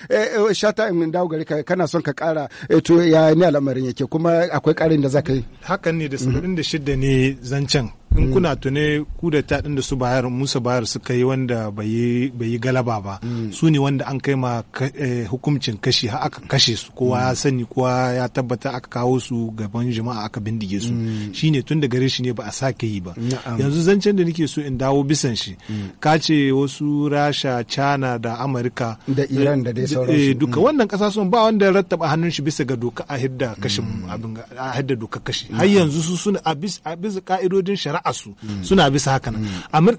shata in dawo gari ka kana son ka ƙara to ya ne al'amarin yake kuma akwai ƙarin da za ka yi. Hakan ne da saba'in da shidda ne zancen in mm. kuna tune ku da ta da su bayar musa bayar suka yi wanda bai yi galaba ba mm. su ne wanda an kai ma eh, hukuncin kashi har aka kashe su kowa ya mm. sani kowa ya tabbata aka kawo su gaban jama'a aka bindige su shine tun da gare shi ne ba a sake yi ba yanzu zancen da nake so in dawo bisan shi ka ce wasu rasha china da amurka da iran da dai eh, sauransu eh, duka wannan kasa sun ba wanda ya rattaba hannun shi bisa ga doka a hidda kashin abin a hidda doka kashi har yanzu su suna a bisa ka'idodin shari'a su suna bisa haka nan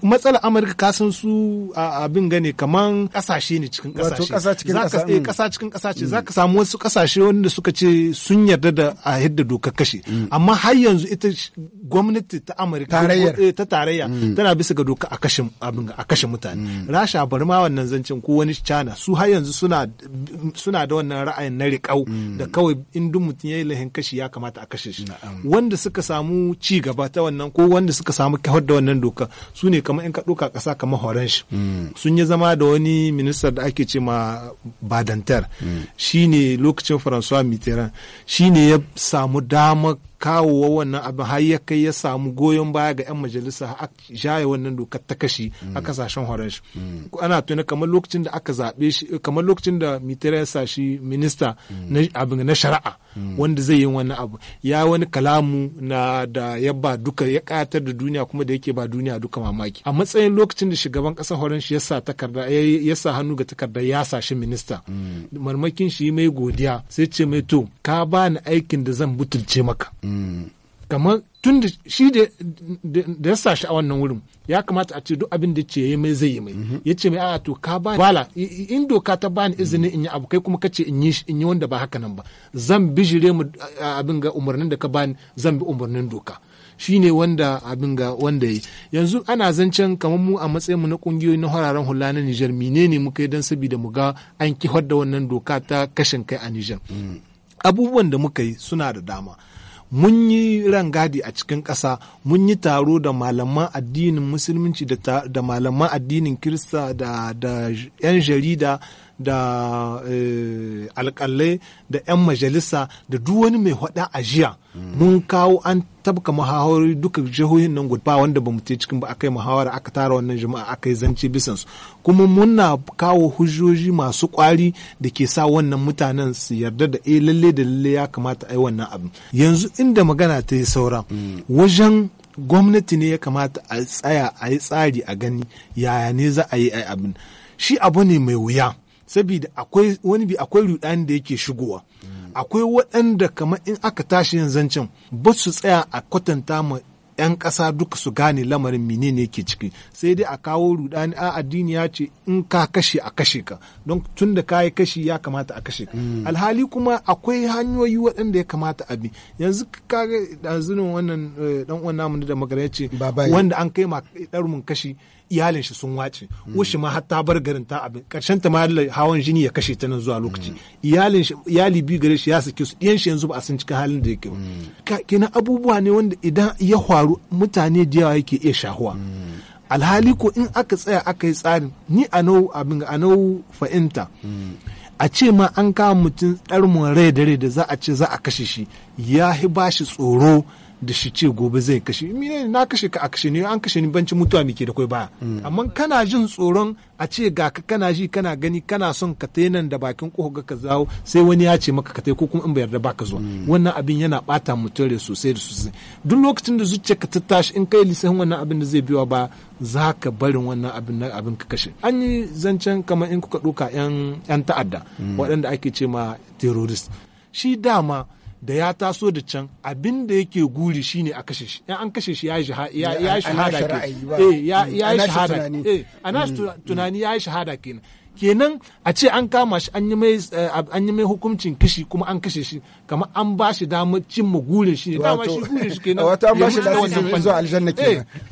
matsala amurka ka san su abin gane kaman kasashe ne cikin kasashe kasa cikin kasa eh, mm. cikin mm. zaka samu wasu kasashe wanda suka ce sun yarda da a yadda dokar kashe mm. amma har yanzu ita gwamnati ta amurka eh, ta tarayya tana bisa ga doka a kashe abin a kashe mutane rasha bari ma wannan zancen ko wani china su har yanzu suna suna da wannan ra'ayin na riƙau da kawai in duk mutum ya yi lahin kashi ya kamata a kashe shi wanda suka samu ci gaba ta wannan ko wanda waɗanda suka samu kyawar da wannan doka su ne kamar in ka kasa kamar horon shi sun yi zama da wani ministar da ake ce ma badantar mm. shi ne lokacin faransuwa mitterrand shi ne ya samu damar Kawo wa wannan abin har ya kai ya samu goyon baya ga 'yan majalisa a jaye wannan dokar ta kashi a mm. kasashen shi. Mm. ana tuna kamar lokacin da aka zaɓe shi kamar lokacin da ya sa shi minista mm. abin na shari'a wanda zai yi wannan abu ya wani kalamu na da ya ba duka ya kayatar da duniya kuma da yake ba duniya duka mamaki a matsayin lokacin da shugaban ƙasar horon ya sa takarda ya sa hannu ga takarda ya sa shi minista marmakin shi mai godiya sai ce mai to ka bani aikin da zan butulce maka kamar tun da shi da ya sa shi a wannan wurin ya kamata a ce duk abin da ce ya mai zai yi mai ya ce mai a to ka ba bala in doka ta bani izini in yi abu kai kuma kace in yi in yi wanda ba haka nan ba zan bijire mu abin ga umarnin da ka bani zan bi umarnin doka shi ne wanda abin ga wanda yi yanzu ana zancen kamar mu a matsayin mu na kungiyoyi na hararen hula na Niger menene muka yi dan saboda mu ga an kihar da wannan doka ta kashin kai a Niger mm. abubuwan da muka yi suna da dama mun yi rangadi a cikin ƙasa mun yi taro da malaman addinin musulunci da malaman addinin kirista da 'yan jarida da eh, alƙalai da 'yan majalisa da duk wani mai hada ajiya mun kawo an tabka muhawarori duka jihohin nan ba wanda ba mu cikin ba aka yi muhawara aka tara wannan jama'a aka yi zance bisan su kuma muna kawo hujjoji masu kwari da ke sa wannan mutanen su yarda da eh lalle da lalle ya kamata a yi wannan abin yanzu inda magana ta yi saura wajen gwamnati ne ya kamata a tsaya a yi tsari a gani yaya ne za a yi abin shi abu ne mai wuya saboda akwai wani bi akwai rudani da yake shigowa akwai waɗanda kamar in aka tashi yin zancen ba su tsaya a kwatanta ma 'yan ƙasa duka su gane lamarin menene yake ciki sai dai a kawo rudani a addini ya ce in ka kashe a kashe ka don tun da ka yi kashi ya kamata a kashe ka hmm. alhali kuma akwai hanyoyi waɗanda ya kamata a bi yanzu ka ga ɗazunin wannan eh, ɗan uwan namu da magana ya ce wanda an kai ma ɗarumin kashi iyalin shi sun wace mm. wushi ma hatta bar garin ta abin karshen ta ma hawan jini ya kashe ta nan zuwa lokaci mm. iyalin shi iyali biyu gare shi ya saki su ɗiyan shi yanzu ba a san cikin halin da yake ba mm. kenan abubuwa ne wanda idan ya faru mutane da yawa yake iya shahuwa alhali ko in aka tsaya aka yi tsarin ni a nau abin a nau fa'inta a ce ma an kama mutum ɗarmon rai da rai da za a ce za a kashe shi ya hi ba shi tsoro da shi ce gobe zai kashe mine na kashe ka a kashe ne an kashe ni banci mutuwa mike da kai baya mm. amma kana jin tsoron a ce ga ka kana ji kana gani kana son ka tai nan da bakin koga ka zawo sai wani ya ce maka ka tai ko kuma in bai yarda ba ka mm. wannan abin yana bata mutum rai sosai da sosai duk lokacin da zuciya ka tashi in kai lissafin wannan abin da zai biyo ba za ka barin wannan abin na abin ka kashe an yi zancen kamar in kuka ɗauka 'yan ta'adda mm. waɗanda ake ce ma terrorist shi dama da ya taso da can abin da yake guri shine a kashe shi in an kashe shi ya yi shahada ke eh, eh, mm. ya yi shahada ke a tunani ya yi shahada kenan kenan a ce an kama shi eh, an yi mai hukuncin kishi kuma an kashe shi kamar an ba shi damar cin magurin shi ne dama shi gurin shi kenan wato an ba shi damar zuwa aljanna eh,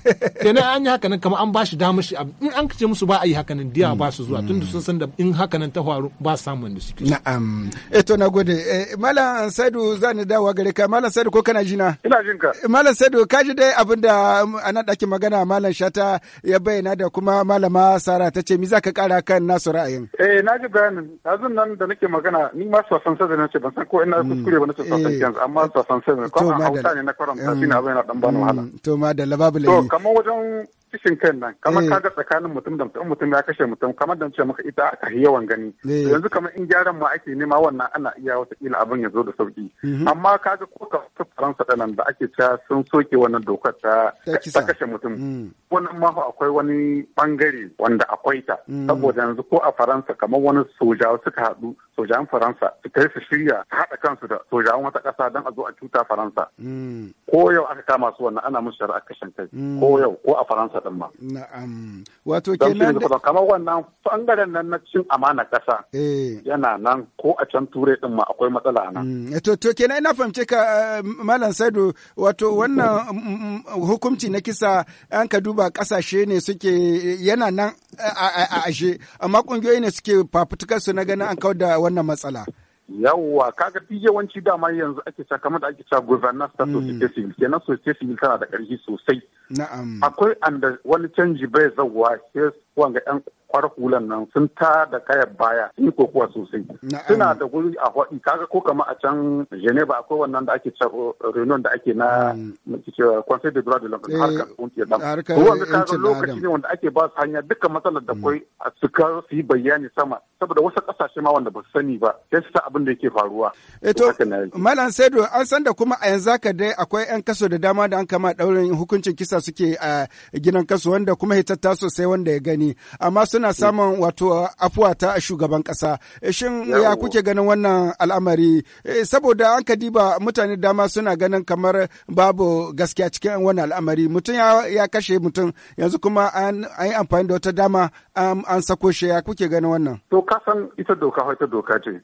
kenan kenan an yi hakanan kamar an ba shi damar shi in an kace musu ba a yi hakanan diya ba su zuwa tunda sun san da in hakanan ta faru ba samun da suke na'am eh to nagode eh, malam sadu zani dawa gare ka malam sadu ko kana jina ina jin ka malam sadu ka ji dai abinda anan daki magana malam shata ya bayyana da kuma malama sara ta ce mi zaka kara kan nasu wasu ra'ayin. Eh na ji bayanin azun nan da nake magana ni ma sosan sai na ce ban san ko ina mm. kuskure ba na ce sosan kyan eh. amma sosan sai ko an hausa ne na karanta mm. shi na abin dan ban wahala. Mm. To ma da lababu laifi. To kamar wajen kishin kan nan kamar eh. ga tsakanin mutum da mutum mutum ya kashe mutum kamar da ce maka ita aka yawan gani eh. yanzu kamar in gyaran ma ake nema wannan ana iya wata kila abin ya zo da sauki mhm. amma k'a ga ko ka faransa da nan da ake cewa sun soke wannan dokar ta kashe mutum mm. wannan ma akwai wani bangare wanda akwai ta mm. saboda yanzu ko a faransa kamar wani sojawa suka haɗu sojan faransa suka yi su shirya su haɗa kansu da sojawan wata ƙasa don a zo a cuta faransa mm. ko yau aka kama su wannan ana musu shari'a kashin kai ko yau ko a faransa ƙasa ɗin ma. Na'am. Wato kenan da kamar wannan bangaren nan na cin amana ƙasa. Eh. Yana nan ko a can ture ɗin ma akwai matsala nan. Mm. Eh, to to kenan ina fahimce ka eh, Malam Saidu wato wannan mm, mm, hukunci na kisa an ka duba kasashe ne suke yana nan a ashe amma ƙungiyoyi ne suke fafutukar su na ganin an kawar da wannan matsala. yawwa kaga duk yawanci dama yanzu ake cewa kamar da ake da ake ta society civil kenan society civil tana da ƙarfi sosai na'am akwai wani canji bai zawwa sai wanga yan kwar hulan nan sun ta da kayan baya sun yi kokowa sosai suna da guri a hwaɗi kaga ko kama a can geneva akwai wannan da ake cewa uh, renon da ake na mm. conseil de droit de l'homme eh, harkar kuntiyar dam wanda kaga lokaci ne wanda ake ba su hanya duka matsalar da mm. kai a suka su yi bayani sama saboda wasu kasashe ma wanda ba su sani ba sai su sa abin da yake faruwa eto eh, malam saido an san da kuma a yanzu haka dai akwai yan kaso da dama da an kama daurin hukuncin kisa suke a gidan kaso wanda kuma hitatta sosai wanda ya gani amma suna mm. samun wato afuwa ta shugaban kasa eh, shin ya kuke ganin wannan al'amari eh, saboda an ka diba mutane dama suna ganin kamar babu gaskiya cikin wannan al'amari mutum ya kashe mutum yanzu kuma an yi amfani da wata dama an sako shi ya kuke ganin wannan to ka san ita doka ita doka ce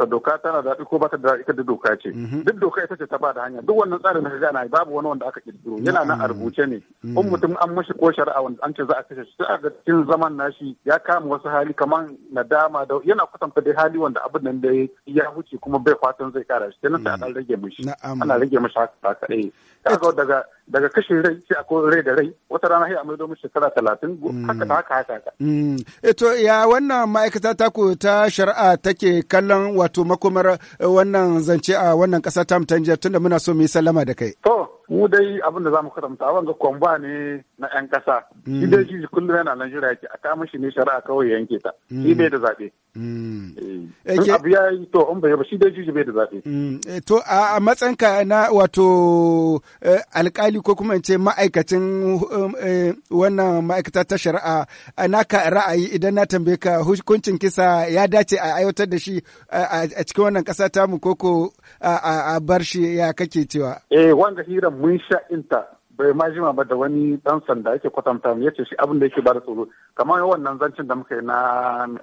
ta doka tana daɗi ko ba ta da ita da doka ce mhm. duk doka ita ce ta ba da hanya duk wannan tsarin da ga na babu wani wanda aka kirkiro yana nan a rubuce ne mm. in mutum an mashi ko shari'a wanda an ce za a kashe shi sai a ga cikin zaman nashi shi ya kama wasu hali kamar nadama da yana kusanta dai hali wanda abin nan da ya wuce kuma bai fatan zai kara shi kenan sai an mm. rage mishi ana rage mishi haka kadai eh. kaga daga daga kashin rai sai akwai rai da rai wata rana sai a maido mishi shekara talatin mm. haka da haka haka mm. eto eh, ya wannan ma'aikata ta ku ta shari'a take kallon wato makomar eh, wannan zance a wannan kasa ta mutanjar tunda muna so mu yi sallama da kai to mu dai abin da mu karanta wanga kwamba ne na yan kasa shi dai mm. shi kullum yana nan jira yake a kama shi ne shari'a kawai yanke ta shi mm. bai da zaɓe Mm. Eh, abu ya yi to in bai shi dai bai da zaɓe. Mm. Eh, a matsanka na wato eh, alkali ko kuma in ce ma'aikacin um, wannan ma'aikata ta shari'a na ka ra'ayi idan na tambaye ka hukuncin kisa ya dace a aiwatar da shi a cikin wannan ƙasa tamu koko a bar shi ya kake cewa. eh wanda hira mun sha inta bai ma jima ba da wani dan sanda yake kwatanta ya ce shi abin da yake bada tsoro kamar yawan nan zancin da muka yi na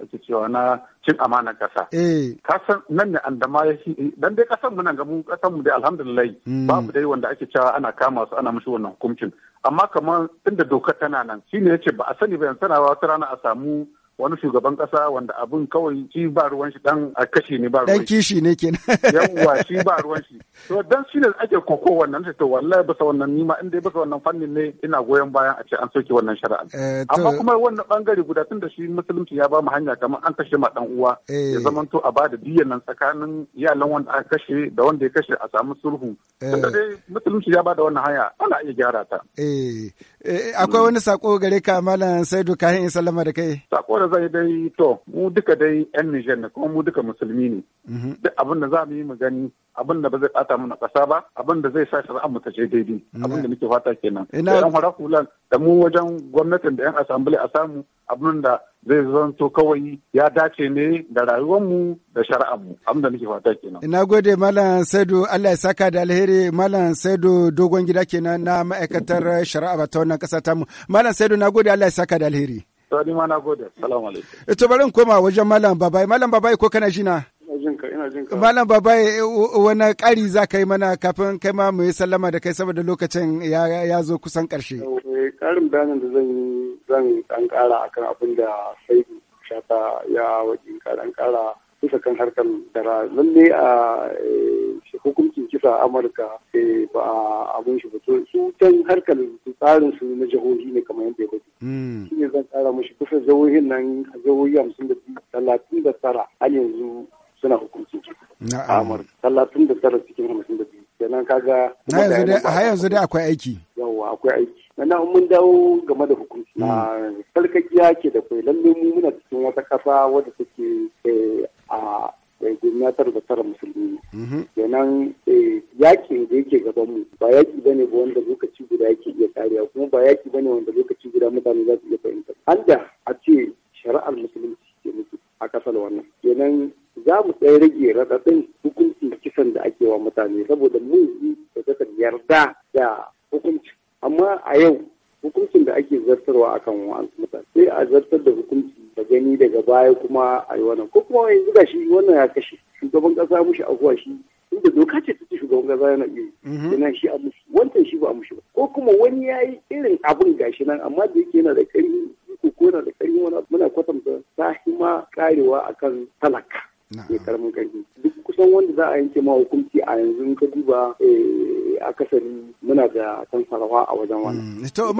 ake cewa na cin amanar kasa eh. kasan nan ne an dama ya dan dai kasan mu nan ga mu kasan mu dai alhamdulillah hmm. babu dai wanda ake cewa ana kama su ana mushi wannan hukuncin amma kamar inda dokar tana nan shine ce ba a sani ba yan tana wata rana a samu wani shugaban kasa wanda abin kawai shi ba ruwan shi dan a kashe ne ba ruwan dan kishi ne kenan yawa shi ba ruwan shi to dan shine ake koko wannan to wallahi bisa wannan nima inda bisa wannan fannin ne ina goyon bayan a ce an soke wannan shari'a eh, amma kuma wannan bangare guda tun da shi musulunci ya ba mu hanya kamar an kashe ma dan uwa ya eh. zamanto a bada diyan nan tsakanin iyalan wanda aka kashe da wanda ya kashe a samu sulhu eh. tunda dai musulunci ya ba da wannan hanya ana iya gyara ta eh akwai wani sako gare ka malam Saidu Kahin Sallama da kai sako zai dai to mu duka dai yan Nijar ne kuma mu duka musulmi ne. Mhm. Duk abin da za mu yi mu gani abin da ba zai bata mana ƙasa ba abin da zai sa shari'a mu ta je daidai mhm. abin da muke fata kenan. Da yan harakulan da mu wajen gwamnatin da yan assembly a samu abin da zai zanto kawai ya dace ne da mu da mu abin da muke fata kenan. Ina gode Malam Saidu Allah ya saka da alheri Malam Saidu dogon gida kenan na ma'aikatar shari'a ba ta wannan ƙasa tamu. Malam Saidu na gode Allah ya saka da alheri. Sani ma na gode. Salamu alaikum. Ito eh, bari in koma wajen Malam babai Malam babai ko kana jina? Ina jin ka, ina jin ka. Malam babai eh, wani ƙari za ka yi mana kafin kai ma mu yi sallama da kai saboda lokacin ya zo kusan ƙarshe. Eh, ƙarin bayanin da zan yi zan ɗan ƙara akan abin da saidu shata ya wakin ƙaran ƙara kusa kan harkar dara lalle a hukuncin kisa a amurka ba a abin shi ba su can harkar tsarin su na jihohi ne kamar yadda ya gudu. duka jihohin nan jihohi hamsin da talatin da tara a yanzu suna hukuncin Amurka. Talatin da tara cikin hamsin da biyu. Kenan kaga. Har yanzu dai akwai aiki. Yawwa akwai aiki. na mun dawo game da hukunci. Na mm. sarkakiya ke da kwai lalle mu muna cikin wata kasa wadda take eh, a eh, gwamnatar da tara musulmi. Mm-hmm. Kenan eh, yakin da yake gaban mu ba yaki ne ba wanda lokaci guda yake iya kariya kuma ba yaki ne wanda lokaci guda mutane za su iya fahimta. An da shari'ar musulunci ke musu a ƙasar wannan kenan za mu tsaye rage raɗaɗin hukuncin kisan da ake wa mutane saboda mun yi da yarda da hukunci amma a yau hukuncin da ake zartarwa akan wa'ansu mutane sai a zartar da hukunci da gani daga baya kuma a yi wannan ko kuma yanzu ga shi wannan ya kashe shugaban kasa mushi afuwa shi inda doka ce ta ci shugaban kasa yana iya yana mhm. shi a mushi wancan shi ba a mushi ba ko kuma wani ya yi irin abin gashi nan amma da yake yana da ƙarfi uku ko na da ɗari wani muna kwatanta tashi ma karewa akan talaka mai karamin ƙarfi duk kusan wanda za a yanke ma hukunci a yanzu ka duba eh, akasari muna da tansarwa a wajen wannan. Mm, to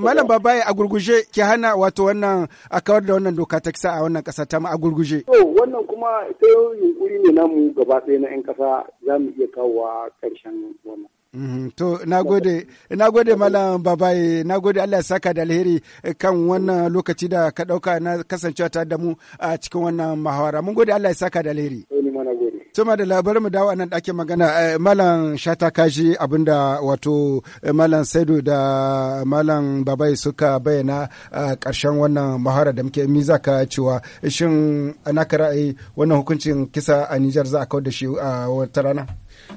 malam babaye a gurguje ke hana wato wannan a kawar da wannan doka ta kisa a wannan kasa ta ma a gurguje. To wannan kuma ta yunkuri ne namu gaba ɗaya na 'yan kasa za mu iya kawo wa ƙarshen wannan. Mhm, to, na gode, na gode Malam Babaye, na gode Allah ya saka da alheri kan wannan lokaci da ka ɗauka na kasancewa ta da a cikin wannan mahawara. Mun gode Allah ya saka da alheri. Tuma da labarin mu dawo nan ɗakin magana eh, Malam Shata kashi abinda wato eh, Malam Saidu da Malam Babai suka bayyana a ƙarshen wannan mahara da muke mi cewa shin ana ka ra'ayi wannan hukuncin kisa a Nijar za a kawar da shi a wata rana?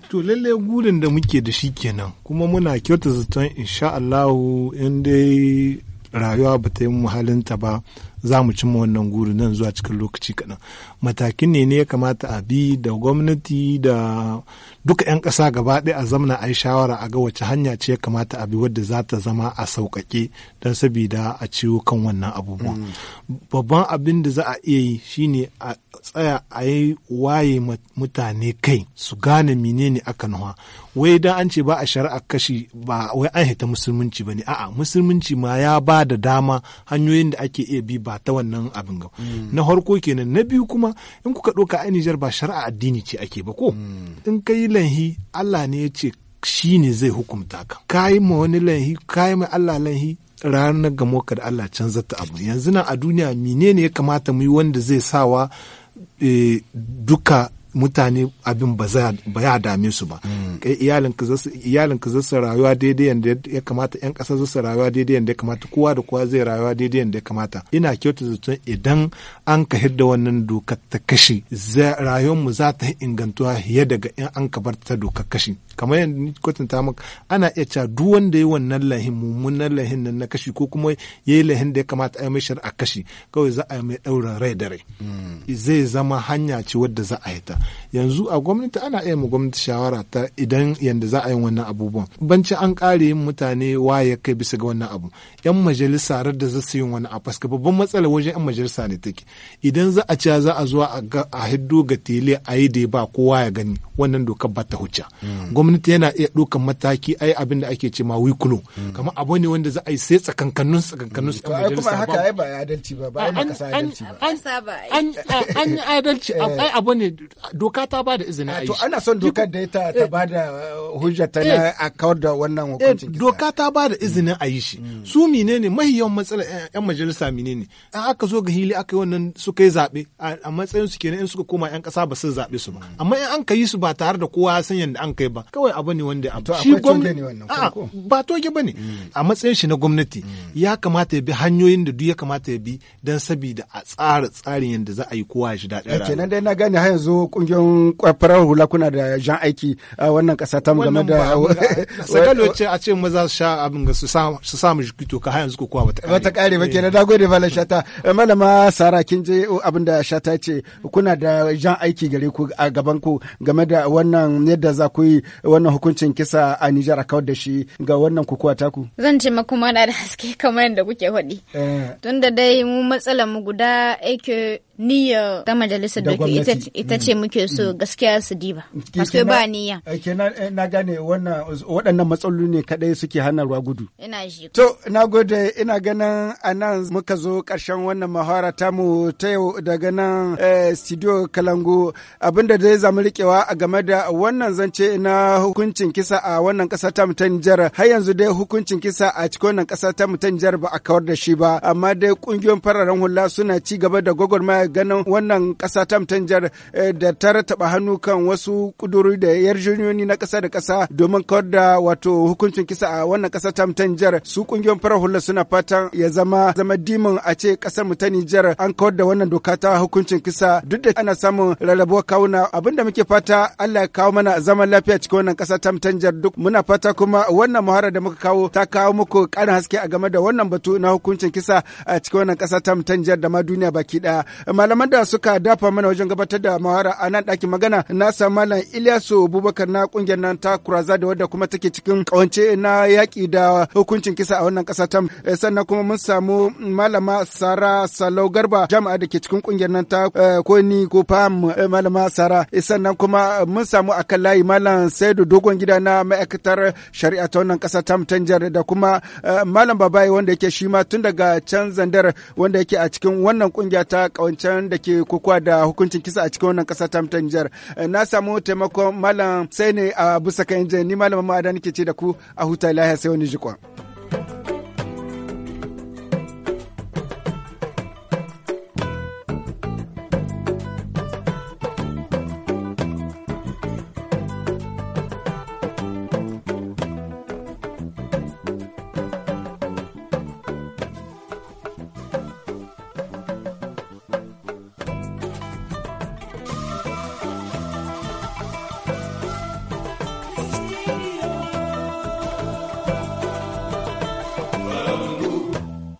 To lalle gurin da muke da shi kenan kuma muna kyauta zaton insha Allahu in dai rayuwa ba ta yi halinta ba za mu cimma wannan gurin nan zuwa cikin lokaci kaɗan. Matakin ne ne ya kamata a bi da gwamnati da duka 'yan ƙasa gaba ɗaya a zamana a yi shawara a ga wace hanya ce ya kamata a bi wadda za ta zama a sauƙaƙe don sabida a ciwo kan wannan abubuwa mm. babban abin da za a iya yi shine a tsaya a yi waye mutane kai su gane menene aka nuwa wai dan an ce ba a shari'a kashi ba wai an hita musulunci ba ne a'a musulunci ma ya ba da dama hanyoyin da ake iya bi ba ta wannan abin ga mm. na harko kenan na biyu kuma in kuka ɗauka a Nijar ba shari'a addini ce ake ba ko mm. in kai lanhi Allah ne ya ce shi ne zai hukumta ka ka yi ma wani lanhi ka yi ma Allah lanhi ranar gamo ka da Allah canza ta abu yanzu nan a duniya menene ya kamata mu yi wanda zai sawa eh, duka mutane abin ba ya dame su ba hmm. Eh, iyalinka za zasu rayuwa daidai yadda ya kamata yan kasa zasu rayuwa daidai yadda ya kamata kowa da kowa zai rayuwa daidai yadda ya kamata ina kyauta zato idan an ka hidda wannan dokar ta kashi rayuwar mu za ta ingantuwa fiye daga in an ka bar ta dokar kashi kamar yadda ni kwatanta maka ana iya ca duk wanda ya wannan lahin mummunan lahin nan na kashi ko kuma yi lahin da ya kamata a yi mai a kashi kawai za a yi mai ɗaura rai da rai hmm. zai zama hanya ce wadda za a yi ta yanzu a gwamnati ana iya mu gwamnati shawara ta idan yadda za a yi wannan abubuwan banci an ƙare yin mutane waye kai bisa ga wannan abu yan majalisa rar da za su yi wani a faska babban matsala wajen yan majalisa ne take idan za a ci za a zuwa a hiddo ga tele a yi da ba kowa ya gani wannan dokar ba ta hujja gwamnati yana iya ɗaukan mataki ai abin da ake ce ma wikulo kamar abu ne wanda za a yi sai tsakankanin tsakankanun su ɗan majalisa ba. haka ai ba adalci ba ba ai kasa adalci ba. an saba an yi adalci eh. ai abu ne doka ta bada izini izinin a ah, yi. to ana son dokar da ta ta eh, bada da eh, hujja ta na a kawar da wannan hukuncin doka ta bada izinin a yi shi mm. su menene mahi yawan matsala yan majalisa menene an aka zo ga hili aka yi wannan suka yi zaɓe a matsayin su kenan in suka koma yan ƙasa ba su zaɓe su ba mm. amma in an ka yi su ba tare da kowa san yadda an kai ba kawai abu ne wanda a shi gwamnati ba ba ne hmm. a matsayin shi na gwamnati hmm. ya kamata ya bi hanyoyin da duk ya kamata ya bi don sabida a tsara tsarin yadda za a yi kowa ya shi daɗin eh, rayuwa kenan dai na gane har yanzu kungiyoyin farar hula kuna da jan aiki a wannan ƙasa ta game da sakalo ce a ce maza su sha abin ga su samu to ka har yanzu kowa bata kare bata kare ba eh. kenan gode malam shata eh, malama sara kin je abin da shata ce kuna da jan aiki gare ku a gaban ku game da wannan yadda za ku yi wannan hukuncin kisa a Nijar a kawar da shi ga wannan kukuwa taku? Zan ce makuma na da haske kamar yadda kuke faɗi. Eh. Tunda dai mu matsalar mu guda ake niyya ta majalisar da ita ce mm. muke so mm. gaskiya su diba paske ba niyya eh, ke eh, na gane waɗannan matsaloli ne kadai suke hana ruwa gudu ina ji to na gode ina ganin anan muka zo ƙarshen wannan mahara tamu ta yau daga nan eh, studio kalangu abinda dai zamu riƙewa a game da wannan zance na hukuncin kisa a wannan ƙasa ta ta Nijar har yanzu dai hukuncin kisa a cikin wannan ƙasa ta ta Nijar ba a kawar da shi ba amma dai ƙungiyoyin fararen hula suna ci gaba da gwagwarmaya ganin wannan ƙasa ta mutanjar eh, da ta rataba hannu kan wasu ƙuduri da yarjejeniyoyi na ƙasa da ƙasa domin kawar da wato hukuncin kisa a wannan ƙasa ta mutanjar su ƙungiyoyin farar hula suna fatan ya zama zama dimin a ce ƙasar mu ta Nijar an kawar da wannan doka ta hukuncin kisa duk da ana samun rarrabuwar kawuna abinda muke fata Allah ya kawo mana zaman lafiya cikin wannan ƙasa ta mutanjar duk muna fata kuma wannan muhara da muka kawo ta kawo muku ƙarin haske a game da wannan batu na hukuncin kisa a cikin wannan ƙasa ta mutanjar da ma duniya baki ɗaya malaman da suka dafa mana wajen gabatar da muhara a nan ɗakin magana na sa malam Ilyasu Abubakar na kungiyar nan ta Kuraza da wadda kuma take cikin kawance na yaƙi da hukuncin kisa a wannan ƙasa ta eh, sannan kuma mun samu malama Sara Salau Garba jami'a da ke cikin kungiyar nan ta eh, ko ni ko fam eh, malama Sara sannan kuma mun samu akan layi malam Saidu Dogon gida na ma'aikatar shari'a ta wannan ƙasa ta Tanjar da kuma malam Babaye wanda yake shi ma tun daga can Zandar wanda yake a cikin wannan kungiya ta kawance can da ke kokowa da hukuncin kisa a cikin wannan kasa ta mutan Nijar. Eh, na samu taimakon malam sai ne a bisa kan ni malam Mamman ke ce da ku a huta lahiya sai wani jikon.